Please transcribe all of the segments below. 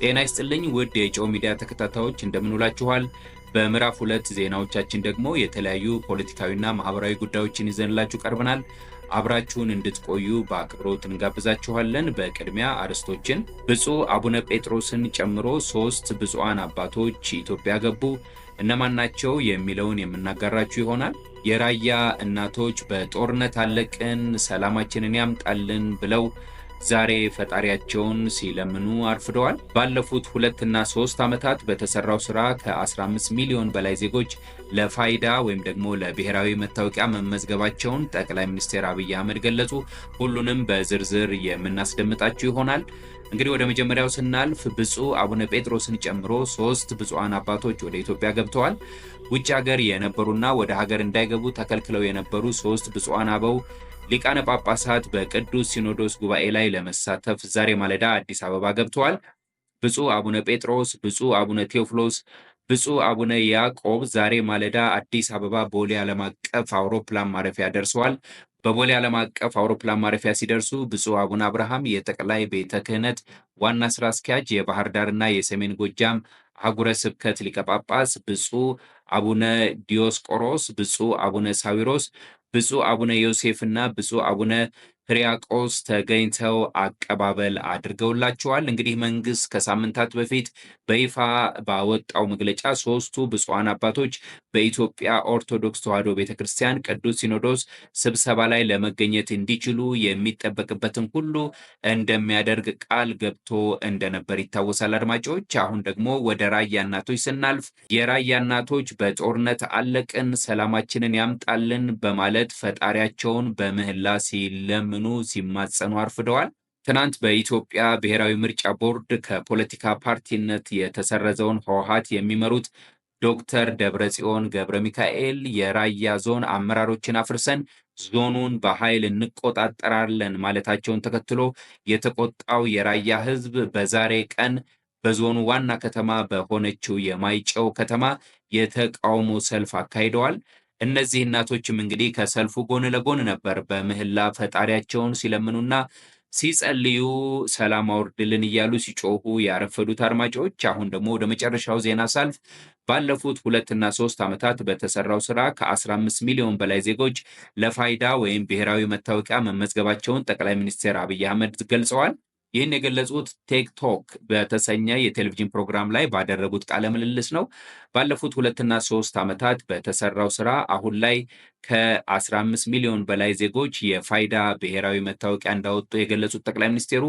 ጤና ይስጥልኝ ውድ የጨው ሚዲያ ተከታታዮች እንደምንውላችኋል። በምዕራፍ ሁለት ዜናዎቻችን ደግሞ የተለያዩ ፖለቲካዊና ማህበራዊ ጉዳዮችን ይዘንላችሁ ቀርበናል። አብራችሁን እንድትቆዩ በአክብሮት እንጋብዛችኋለን። በቅድሚያ አርዕስቶችን፣ ብፁዕ አቡነ ጴጥሮስን ጨምሮ ሶስት ብፁዓን አባቶች ኢትዮጵያ ገቡ፣ እነማን ናቸው የሚለውን የምናጋራችሁ ይሆናል። የራያ እናቶች በጦርነት አለቅን ሰላማችንን ያምጣልን ብለው ዛሬ ፈጣሪያቸውን ሲለምኑ አርፍደዋል። ባለፉት ሁለትና ሶስት ዓመታት በተሰራው ስራ ከ15 ሚሊዮን በላይ ዜጎች ለፋይዳ ወይም ደግሞ ለብሔራዊ መታወቂያ መመዝገባቸውን ጠቅላይ ሚኒስትር አብይ አህመድ ገለጹ። ሁሉንም በዝርዝር የምናስደምጣችሁ ይሆናል። እንግዲህ ወደ መጀመሪያው ስናልፍ ብፁዕ አቡነ ጴጥሮስን ጨምሮ ሶስት ብፁዓን አባቶች ወደ ኢትዮጵያ ገብተዋል። ውጭ ሀገር የነበሩና ወደ ሀገር እንዳይገቡ ተከልክለው የነበሩ ሶስት ብፁዓን አበው ሊቃነ ጳጳሳት በቅዱስ ሲኖዶስ ጉባኤ ላይ ለመሳተፍ ዛሬ ማለዳ አዲስ አበባ ገብተዋል። ብፁዕ አቡነ ጴጥሮስ፣ ብፁዕ አቡነ ቴዎፍሎስ፣ ብፁዕ አቡነ ያዕቆብ ዛሬ ማለዳ አዲስ አበባ ቦሌ ዓለም አቀፍ አውሮፕላን ማረፊያ ደርሰዋል። በቦሌ ዓለም አቀፍ አውሮፕላን ማረፊያ ሲደርሱ ብፁዕ አቡነ አብርሃም የጠቅላይ ቤተ ክህነት ዋና ስራ አስኪያጅ የባህር ዳርና የሰሜን ጎጃም አህጉረ ስብከት ሊቀ ጳጳስ፣ ብፁዕ አቡነ ዲዮስቆሮስ፣ ብፁዕ አቡነ ሳዊሮስ፣ ብፁዕ አቡነ ዮሴፍና ብፁዕ አቡነ ሕርያቆስ ተገኝተው አቀባበል አድርገውላቸዋል። እንግዲህ መንግስት ከሳምንታት በፊት በይፋ ባወጣው መግለጫ ሶስቱ ብፁዓን አባቶች በኢትዮጵያ ኦርቶዶክስ ተዋሕዶ ቤተክርስቲያን ቅዱስ ሲኖዶስ ስብሰባ ላይ ለመገኘት እንዲችሉ የሚጠበቅበትን ሁሉ እንደሚያደርግ ቃል ገብቶ እንደነበር ይታወሳል። አድማጮች፣ አሁን ደግሞ ወደ ራያ እናቶች ስናልፍ የራያ እናቶች በጦርነት አለቅን ሰላማችንን ያምጣልን በማለት ፈጣሪያቸውን በምህላ ሲለም እንዲያምኑ ሲማጸኑ አርፍደዋል። ትናንት በኢትዮጵያ ብሔራዊ ምርጫ ቦርድ ከፖለቲካ ፓርቲነት የተሰረዘውን ህወሓት የሚመሩት ዶክተር ደብረጽዮን ገብረ ሚካኤል የራያ ዞን አመራሮችን አፍርሰን ዞኑን በኃይል እንቆጣጠራለን ማለታቸውን ተከትሎ የተቆጣው የራያ ህዝብ በዛሬ ቀን በዞኑ ዋና ከተማ በሆነችው የማይጨው ከተማ የተቃውሞ ሰልፍ አካሂደዋል። እነዚህ እናቶችም እንግዲህ ከሰልፉ ጎን ለጎን ነበር በምህላ ፈጣሪያቸውን ሲለምኑና ሲጸልዩ ሰላም አውርድልን እያሉ ሲጮሁ ያረፈዱት አድማጮች፣ አሁን ደግሞ ወደ መጨረሻው ዜና ሳልፍ ባለፉት ሁለትና ሶስት ዓመታት በተሰራው ስራ ከ15 ሚሊዮን በላይ ዜጎች ለፋይዳ ወይም ብሔራዊ መታወቂያ መመዝገባቸውን ጠቅላይ ሚኒስትር አብይ አህመድ ገልጸዋል። ይህን የገለጹት ቴክቶክ በተሰኘ የቴሌቪዥን ፕሮግራም ላይ ባደረጉት ቃለ ምልልስ ነው። ባለፉት ሁለትና ሶስት ዓመታት በተሰራው ስራ አሁን ላይ ከ15 ሚሊዮን በላይ ዜጎች የፋይዳ ብሔራዊ መታወቂያ እንዳወጡ የገለጹት ጠቅላይ ሚኒስትሩ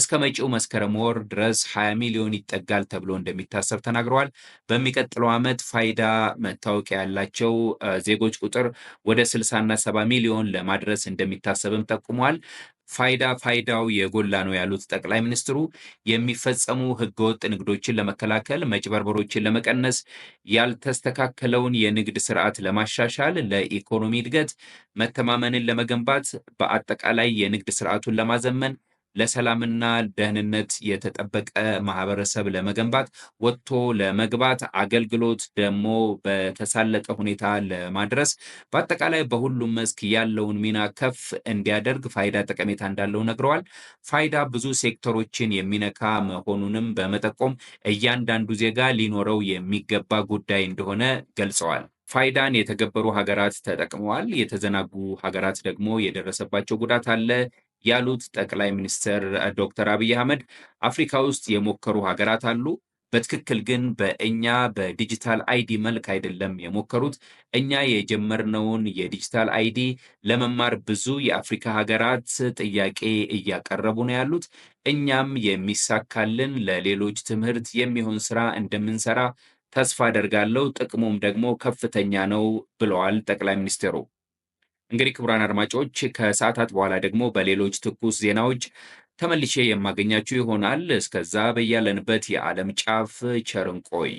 እስከ መጪው መስከረም ወር ድረስ 20 ሚሊዮን ይጠጋል ተብሎ እንደሚታሰብ ተናግረዋል። በሚቀጥለው ዓመት ፋይዳ መታወቂያ ያላቸው ዜጎች ቁጥር ወደ 60 እና 70 ሚሊዮን ለማድረስ እንደሚታሰብም ጠቁመዋል። ፋይዳ ፋይዳው የጎላ ነው ያሉት ጠቅላይ ሚኒስትሩ የሚፈጸሙ ህገወጥ ንግዶችን ለመከላከል፣ መጭበርበሮችን ለመቀነስ፣ ያልተስተካከለውን የንግድ ስርዓት ለማሻሻል፣ ለኢኮኖሚ እድገት መተማመንን ለመገንባት፣ በአጠቃላይ የንግድ ስርዓቱን ለማዘመን ለሰላምና ደህንነት የተጠበቀ ማህበረሰብ ለመገንባት ወጥቶ ለመግባት አገልግሎት ደግሞ በተሳለጠ ሁኔታ ለማድረስ በአጠቃላይ በሁሉም መስክ ያለውን ሚና ከፍ እንዲያደርግ ፋይዳ ጠቀሜታ እንዳለው ነግረዋል። ፋይዳ ብዙ ሴክተሮችን የሚነካ መሆኑንም በመጠቆም እያንዳንዱ ዜጋ ሊኖረው የሚገባ ጉዳይ እንደሆነ ገልጸዋል። ፋይዳን የተገበሩ ሀገራት ተጠቅመዋል። የተዘናጉ ሀገራት ደግሞ የደረሰባቸው ጉዳት አለ። ያሉት ጠቅላይ ሚኒስትር ዶክተር አብይ አህመድ አፍሪካ ውስጥ የሞከሩ ሀገራት አሉ። በትክክል ግን በእኛ በዲጂታል አይዲ መልክ አይደለም የሞከሩት። እኛ የጀመርነውን የዲጂታል አይዲ ለመማር ብዙ የአፍሪካ ሀገራት ጥያቄ እያቀረቡ ነው ያሉት። እኛም የሚሳካልን ለሌሎች ትምህርት የሚሆን ስራ እንደምንሰራ ተስፋ አደርጋለሁ። ጥቅሙም ደግሞ ከፍተኛ ነው ብለዋል ጠቅላይ ሚኒስትሩ። እንግዲህ ክቡራን አድማጮች ከሰዓታት በኋላ ደግሞ በሌሎች ትኩስ ዜናዎች ተመልሼ የማገኛችሁ ይሆናል። እስከዛ በያለንበት የዓለም ጫፍ ቸርንቆይ